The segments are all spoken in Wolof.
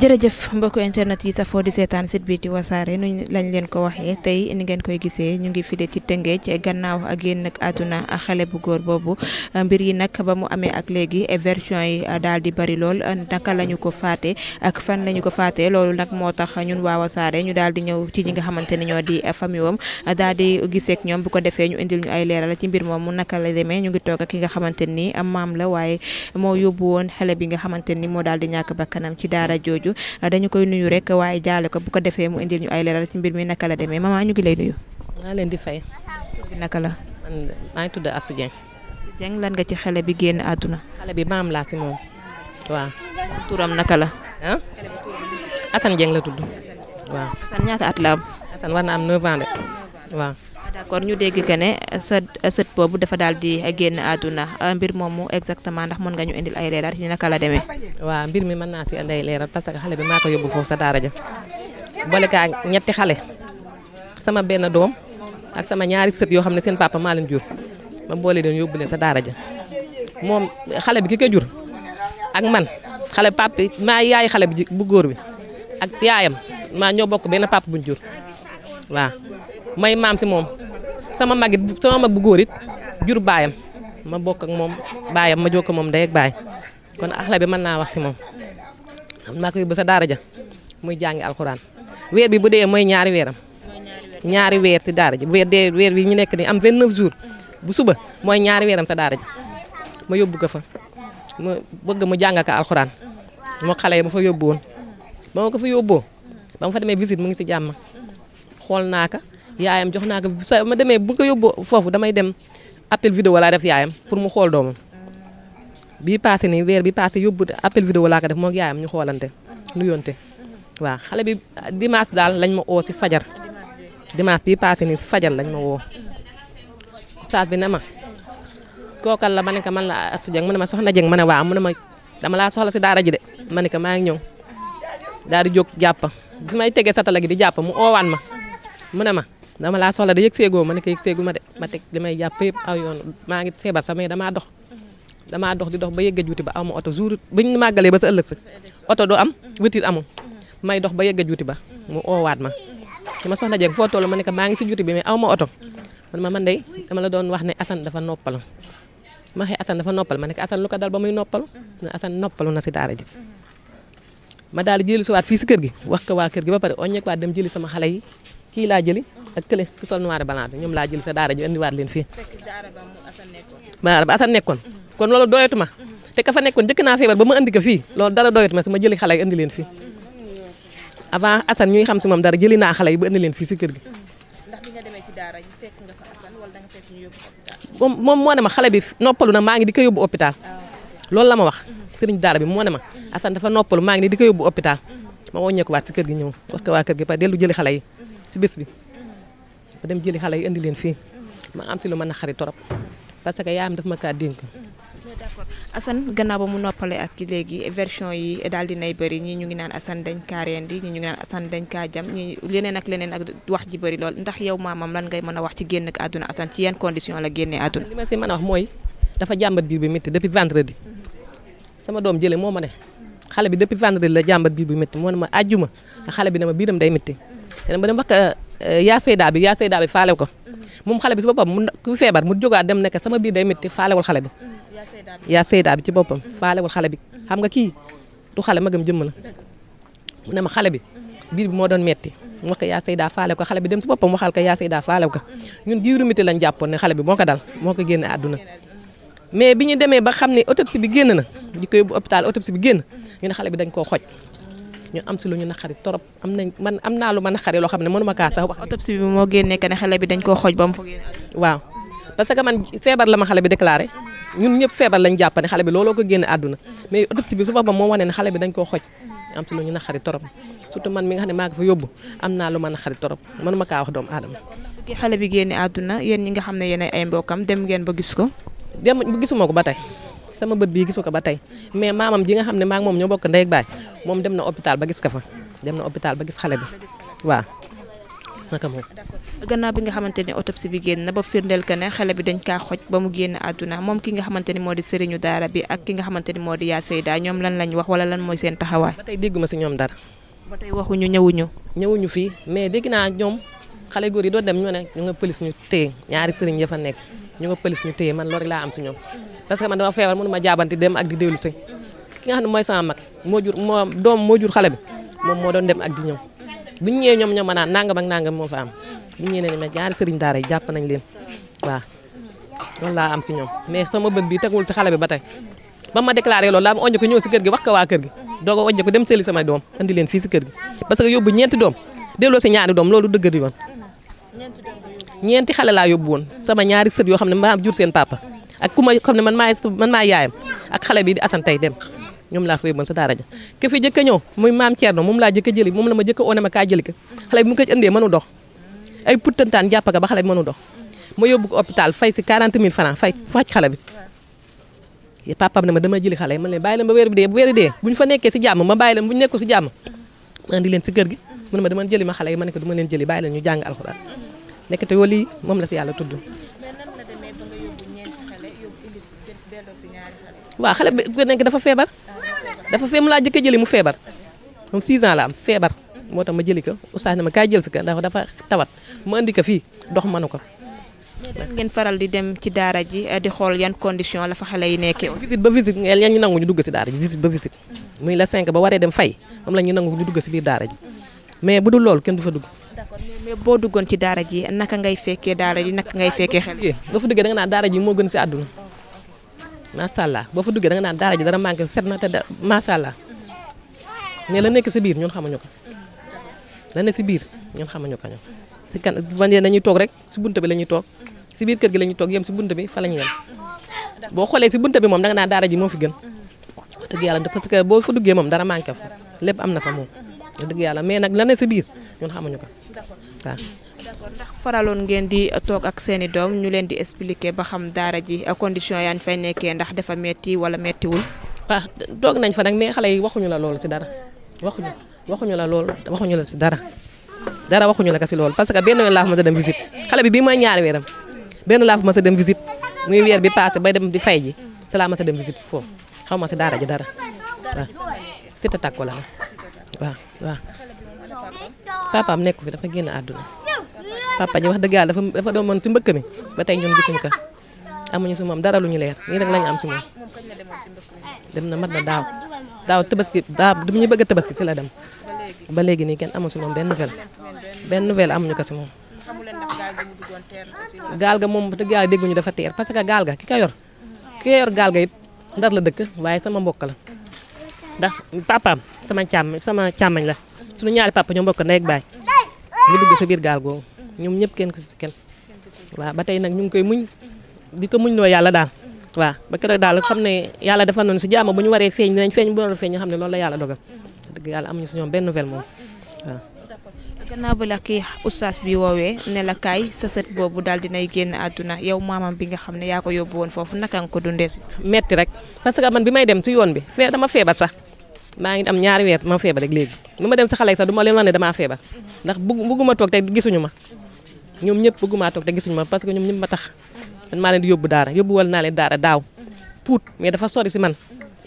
jërëjëf mbokk internet yi safoo di seetaan site bi di wasaare nuñ lañ leen ko waxee tey ni ngeen koy gisee ñu ngi file ci Tëngéej gannaaw ak yéen nag àdduna xale bu góor boobu mbir yi nag ba mu amee ak léegi version yi daal di bari lool naka lañu ko faate ak fan lañu ko faatee loolu nag moo tax ñun waa wasaare ñu daal di ñëw ci ñi nga xamante ni ñoo di famille wam daal di gisee ñoom bu ko defee ñu indi ñu ay leeral ci mbir moomu naka la demee ñu ngi toog ki nga xamante ni maam la waaye moo yóbbu woon xale bi nga xamante ni moo daal di ñàkk bakkanam ci daara jooju dañu koy nuyu rek waaye jaale ko bu ko defee mu indil ñu ay leeral ci mbir mi naka la demee maman ñu ngi lay nuyu. maa leen di fay. naka la. man maa ngi tudd Asou Dieng. Asou lan ga ci xale bi génn àdduna. xale bi maam laa si moom waaw. turam naka la. ah Assane la tudd. waaw Assane ñaata at la am. war na am 9 ans kon ñu dégg que ne sa sët boobu dafa daal di génn àdduna euh, mbir moomu exactement ndax mën nga ñu indil ay leeral yi naka la demee. waa mbir mi mën naa si indi ay leeral parce que xale bi maa ko yóbbu foofu sa daara ja boole kaa ñetti xale sama benn doom ak sama ñaari sët yoo xam ne seen papa maa leen jur ma boole leen yóbbu leen sa daara moom xale bi ki ko jur ak man xale papa maa yaay xale bi bu góor bi ak yaayam maa ñoo bokk benn papp buñ jur waaw may maam si moom. sama mag it sama mag bu góorit it jur baayam ma bokk ak moom baayam ma jokk moom day baay kon axla bi mën naa wax si moom xam naa ko sa daara ja muy jàngi alxuraan weer bi bu dee mooy ñaari weeram ñaari weer si daara ja weer dee weer bi ñu nekk ni am 29 jours bu suba mooy ñaari weeram sa daara ji ma yóbbu ko fa ma bëgg mu jàng ak alxuraan moo xale yi ma fa yóbbu woon ba ma fa demee visite mu ngi si jàmm xool naa ka yaayam jox naa ko sa ma demee bu ko yóbbu foofu damay dem appel vidéo laa def yaayam pour mu xool doomam bii passé nii weer bi passé yóbbu appel vidéo laa ko def moog yaayam ñu xoolante nuyonte waaw xale bi dimanche daal lañ ma oo si fajar dimanche bii passé nii si fajar lañ ma woo saas bi ne ma kookal la ma ne ko man la Astou Dieng mu ne ma soxna Dieng ma ne waa mu ne ma dama laa soxla si daara ji de ma ne ko maa ngi ñëw daal di jóg jàpp bi may tegee satala gi di jàpp mu oowaan ma mu ne ma dama laa soxla da yëg seegoo ma ne ko yëg seegu ma de ma teg li jàpp yëpp aw yoon maa ngi feebar sax mais damaa dox damaa dox di dox ba yëgga juuti ba aw ma oto jour bañ màggalee ba sa ëllëg oto doo am wëtir amul may dox ba yëgga juuti ma ki ma soxna jeeg foo ma ne ko maa ngi si juuti bi aw ma oto man ma man day dama la doon wax ne Assane dafa noppalu ma xëy Assane dafa noppal ma ne ko Assane lu ko dal ba muy noppalu ne Assane noppalu na si daara ji ma daal di jëli si waat fii si kër gi wax ka waa kër gi ba pare waat dem jëli sama xale yi kii laa jëli ak kële ku sol noir blanc bi ñoom laa jël sa daara ji andiwaat leen fii. fekk daara ba nekkoon. kon loolu doyatuma. te ka fa nekkoon njëkk naa feebar ba ma andi ko fii loolu dara doyatuma si ma jëli xale yi andi leen fii avant Assane ñuy xam si moom dara jëli naa xale yi ba andi leen fii si kër gi. ndax bi moom moom moo ne ma xale bi noppalu na maa ngi di ko yóbbu hôpital. Ah. loolu la ma wax. sëriñ daara bi moo ne ma assan dafa noppalu maa ngi di ko yóbbu hôpital ma wàññeekuwaat si kër gi ñëw wax ko waa kër gi pa dellu jëli xale yi si bés bi dafa dem jëli xale yi indi leen fii ma am si lu mën a xarit torop parce que yaayam daf ma kaa dénk. d'accord gannaaw ba mu noppalee ak léegi version yi daal di nay bëri ñii ñu ngi naan Assane dañ kaa rendi ñii ñu naan Assane dañ kaa jam ñii leneen ak leneen ak wax ji bari lool ndax yow maamam lan ngay mën a wax ci génn ak àdduna Assane ci yan condition la génnee àdduna. li si mën a wax mooy dafa jàmbat biir bi métti depuis vendredi sama doom jëlee moo ma ne xale bi depuis vendredi la jàmbat biir bi métti moo ne ma àjjuma xale bi dama biiram day métti Euh, yaa saydaa bi yaa saydaa bi faale ko mm-hmm. moom xale bi si boppam mu ku feebar mu jógaat dem nekk sama biir day métti faalewul xale bi mm-hmm. yaa saydaa bi ci boppam mm-hmm. faalewul xale bi xam nga kii du xale magam jëmm la mu ne ma xale bi biir bi moo doon metti mu wax ko yaa saydaa faale ko xale bi dem si boppam ko yaa saydaa faale ko ñun jiiru miti lañ jàppoon ne xale bi moo ko dal moo ko génne àdduna mais bi ñu demee ba xam ne autopsie bi génn na ñu koy yóbbu hôpital bi génn ñu ne xale bi dañ koo xoj ñu am si lu ñu naqari torop am nañ man am naa lu ma naqari loo xam ne mënuma kaa sax wax. autopsie bi moo génnee que ne xale bi dañ koo xooj ba mu waaw parce que man feebar xale bi déclaré ñun ñëpp feebar lañ jàpp ne xale bi looloo ko àdduna mais autopsie bi su boobaa moo wane ne xale bi dañ koo xooj am si lu ñu naqari torop surtout man mi nga xam ne maa ko fa yóbbu am na lu ma naqari torop mënuma kaa wax doom adama xale bi génne àdduna yéen ñi nga xam ne yéen ay mbokkam dem geen ba gis ko. dem gisuma ko ba tey sama bët bii gisu ko ba tey mais maamam ji nga xam ne maak moom ñoo bokk ndey ak baay moom dem na hôpital ba gis ka fa dem na hôpital ba gis xale bi waaw naka moom. gannaaw bi nga xamante ne autopsie bi génn na ba firndeel ne xale bi dañ kaa xoj ba mu génn àdduna moom ki nga xamante ni moo di sëriñu daara bi ak ki nga xamante ni moo di yaa Seyda ñoom lan lañ wax wala lan mooy seen taxawaay. ba tey dégguma si ñoom dara. ba tey waxuñu ñëwuñu. ñëwuñu fii mais dégg naa ñoom xale góor yi doo dem ñu ne ñu nga pëlis ñu téye ñaari sëriñ ya fa nekk ñu nga pëlis ñu téye man loolu laa am si ñoom parce que ma dama feebar mënu ma jaabanti dem ak di dellu si ki nga xam ne mooy sama mag moo jur moo doom moo jur xale bi moom moo doon dem ak di ñëw bu ñu ñëwee ñoom ñoom ma naan nangam ak nangam moo fa am bu ñu ñëwee ne ma ñaari sëriñ daara yi jàpp nañ leen waaw loolu laa am si ñoom mais sama bët bi tegul ci xale bi ba tey ba ma déclaré loolu laa ma oññu ko ñëw si kër gi wax ko waa kër gi doog a oññu ko dem sëli sama doom andi leen fii si kër gi parce que yóbbu ñeenti doom delloo si ñaari doom loolu dëgg di yoon ñeenti xale laa yóbbu woon sama ñaari sët yoo xam ne maa jur seen papa ak ku ma xam ne man maay man maay yaayam ak xale bi di Assane tey dem ñoom laa fa yóbboon sa daara ja ke jëkk a ñëw muy maam Thierno moom laa jëkk a jëli moom la ma jëkk a jëli ka xale bi mu ko indee mënu dox ay jàpp ka ba xale bi ma yóbbu ko hôpital fay si 40 000 francs fay faj xale bi papaam ne ma dama xale yi man leen bàyyi leen ba weer si jàmm ma bàyyi leen bu ñu nekku si jàmm ma andi ma dama jëli xale yi ma ne ko du ma leen jëli bàyyi leen ñu jàng alxuraan nekk te yow lii moom la si yàlla tudd waaw xale bi ku nekk dafa feebar. dafa feem laa jëkk jëli mu feebar. moom 6 ans la am feebar. moo tax ma jëli ko oustaz ne ma kaa jël si ko ndax dafa tawat ma andi ko fii dox mënu ko. ngeen faral di dem ci daara ji eh, di xool yan condition la fa xale nekkee. ba visite ñu nangu ñu dugg si daara ji visite ba visite. muy la 5 fay moom la ñu nangu ñu dugg si biir daara ji mais bu dul loolu kenn du fa dugg. boo duggoon ci daara ji naka ngay fekkee daara ji naka ngay fekkee xel. nga fa duggee da naa daara ji moo gën si àdduna. macha allah boo fa duggee da nga naan daara ji dara manqué set na te da macha allah mais la nekk si biir ñun xamuñu ko la ne si biir ñun xamuñu ko ñun si kan man yéen dañuy toog rek si buntu bi la ñuy toog si biir kër gi la ñuy toog yem si buntu bi fa la ñuy boo xoolee si buntu bi moom naan daara ji moo fi gën wax dëgg yàlla parce boo fa duggee moom dara manqué fa lépp am na fa moom dëgg yàlla mais nag ne si biir ñun xamuñu ko ndax faraloon ngeen di toog ak seeni doom ñu leen di expliquer ba xam daara ji condition yaa ñu fay nekkee ndax dafa metti wala mettiwul. waaw ah, doog nañ fa nag mais xale yi waxuñu la loolu si dara waxuñu waxuñu la loolu waxuñu la ci dara dara waxuñu la ko ci loolu parce que benn laa fa dem visite xale bi bii mooy ñaari weeram benn laa fa dem visite muy weer bi passé bay dem di fay ji ci laa mës foofu xaw ma ci daara ji dara waaw ci takku la waaw waaw papaam nekku fi dafa génn àdduna papa ji wax dëgg yàlla dafa dafa doon mën si mbëkk mi ba tey ñun gisuñ ko amuñu si moom dara lu ñu leer nii rek lañu am si moom dem na mat na daaw daaw tabaski daaw du ñu bëgg tabaski si la dem ba léegi nii kenn amu si moom benn nouvelle benn nouvelle amuñu ko si moom. gaal ga moom dëgg yàlla dégguñu dafa teer parce que gaal ga ki ka yor ki yor gaal ga it ndar la dëkk waaye sama mbokk la ndax papaam sama càmm sama càmmañ la suñu ñaari papa ñoo mbokk ndey ak baay ñu dugg sa biir gaal googu. ñoom ñëpp kenn ku si kenn waa ba tey nag ñu ngi koy muñ di ko muñ loo yàlla daal waaw ba keroog daal xam ne yàlla dafa noonu si jaama bu ñu waree feeñ dinañ feeñ bu doon feeñ xam ne loolu la yàlla dogal dëgg yàlla amuñu si ñoom benn nouvelle moom waaw ba la kii oustaz bi woowee ne la kaay sa sët boobu daal dinay génn àdduna yow maamam bi nga xam ne yaa ko yóbbu woon foofu naka nga ko dundee si. metti rek parce que man bi may dem si yoon bi fee dama feebar sax maa ngi am ñaari weer ma feebar rek léegi bu ma dem sa xale sax du ma leen wax ne damaa feebar ndax bëggu toog tey gisuñu ma ñoom ñëpp bëgguma toog te gisuñu ma parce que ñoom ñëpp ma tax man maa leen di yóbbu daara yóbbu wal naa leen daara daaw puut mais dafa sori si man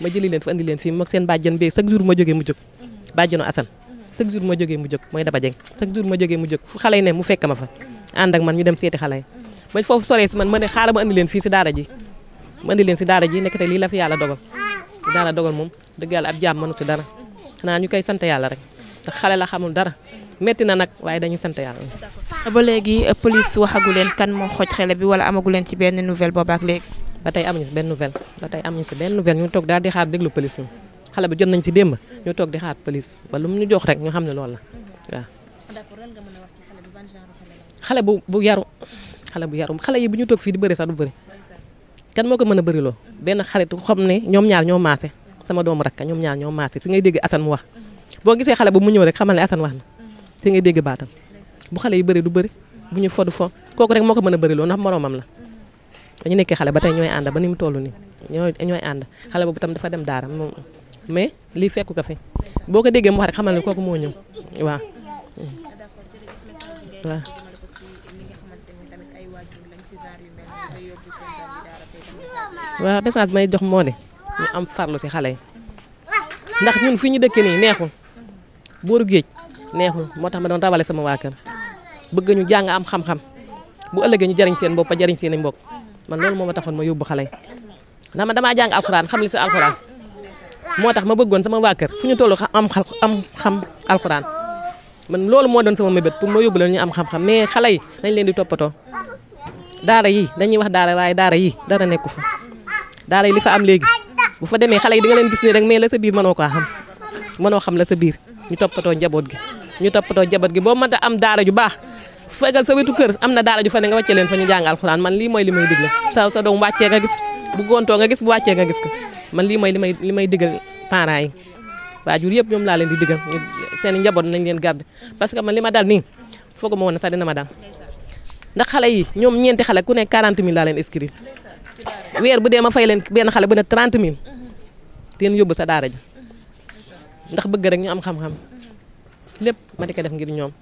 ma jëli leen fa andi fii moog seen bàjjan bee chaque jour ma jógee mu jóg bàjjanu Assane chaque ma jógee mu jóg mooy Daba Dieng chaque jour ma jógee mu jóg fu xale yi ne mu fekk ma fa ànd ak man ñu dem seeti xale yi ba foofu soree si man ma ne leen fii si daara ji ma andi leen si daara ji nekk te lii la fi yàlla dogal daara dogal moom dëgg yàlla ab jaam mënu si dara xanaa ñu koy sant yàlla rek te xale la xamul dara metti na nag waaye dañu sant yàlla. ba léegi euh, police waxagu leen kan moo xoj xale bi wala amagu leen ci benn nouvelle boo boobaak léegi. ba tey amuñu si benn nouvelle ba tey amuñu si benn nouvelle ñu toog daal di xaar déglu police ñu xale bi jot nañ si démb ñu toog di xaar police ba lu mu ñu jox rek ñu xam ne loolu la xale bu bu yaru xale bu yaru xale yi bu ñu toog fii di bëri sax du bëri kan moo ko mën a bëriloo benn xarit xam ne ñoom ñaar ñoo maase sama doom rakka ñoom ñaar ñoo maase si ngay dégg Assane mu wax boo gisee xale bu mu ñëw rek xamal ne wax na te ngay dégg baatam bu xale yi bëri du bëri bu ñu fodu foo kooku rek moo ko mën a bëri loolu ndax moroomam la dañu nekkee xale ba tey ñooy ànd ba ni mu toll nii ñooy ñooy ànd xale boobu tam dafa dem daara moom mais lii fekku ko fi boo ko déggee mu wax rek xamal ne kooku moo ñëw waaw waaw may jox moo de ñu am farlu si xale yi ndax ñun fi ñu dëkkee nii neexul booru géej neexul moo tax ma doon rawale sama waa kër bëgg ñu jàng am xam-xam bu ëllëgee ñu jariñ seen bopp a jariñ seen i mbokk man loolu moo ma taxoon ma yóbbu xale yi ndax man damaa xam li si alxuraan moo tax ma bëggoon sama waa kër ñu toll am am xam alxuraan man loolu moo doon sama mébét ma yóbbu leen ñu am xam-xam xale yi dañ leen di toppatoo daara yi dañuy wax daara waaye daara yi dara nekku fa daara yi li fa am léegi bu fa demee xale yi di nga leen gis ne rek mais la sa biir mënoo koo xam mënoo xam la sa biir ñu toppatoo njaboot gi ñu toppatoo jabat gi boo mën a am daara ju baax fegal sa wetu kër am na daara ju fa ne nga wàcce leen fa ñu jàng alxuraan man lii mooy li may digle sa sa doom wàccee nga gis bu gontoo nga gis bu wàccee nga gis man lii mooy li li may digal parents yi waajur yëpp ñoom laa leen di digal seen njaboot nañ leen garder parce que man li ma dal nii fooguma woon sax dina ma dal ndax xale yi ñoom ñeenti xale ku nekk 40 000 laa leen weer bu dee ma fay leen benn xale bu ne 30 000 teen yóbbu sa daara ji ndax bëgg rek ñu am xam-xam lépp ma di ko def ngir ñoom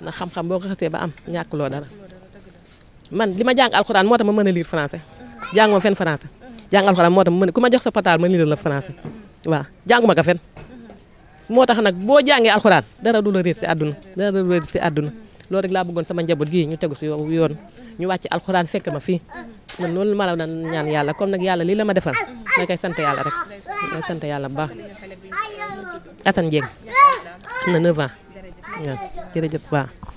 ndax xam-xam boo ko xasee ba am loo dara man li ma jàng alxuraan moo tax ma mën a lire français jàng ma fen français jàng alxuraan moo tax ma mën ku ma jox sa pataal ma lire la français waaw jàngu ma ko moo tax nag boo jàngee alxuraan dara du la si àdduna dara si àdduna loolu rek laa bëggoon sama njaboot gii ñu tegu si yoon ñu wàcc alxuraan fekk ma fii man loolu ma la daan ñaan yàlla kom nag yàlla lii la ma defal ma koy sant yàlla rek ma koy sant yàlla bu baax Assane Dieng am na 9 ans waaw jërëjëf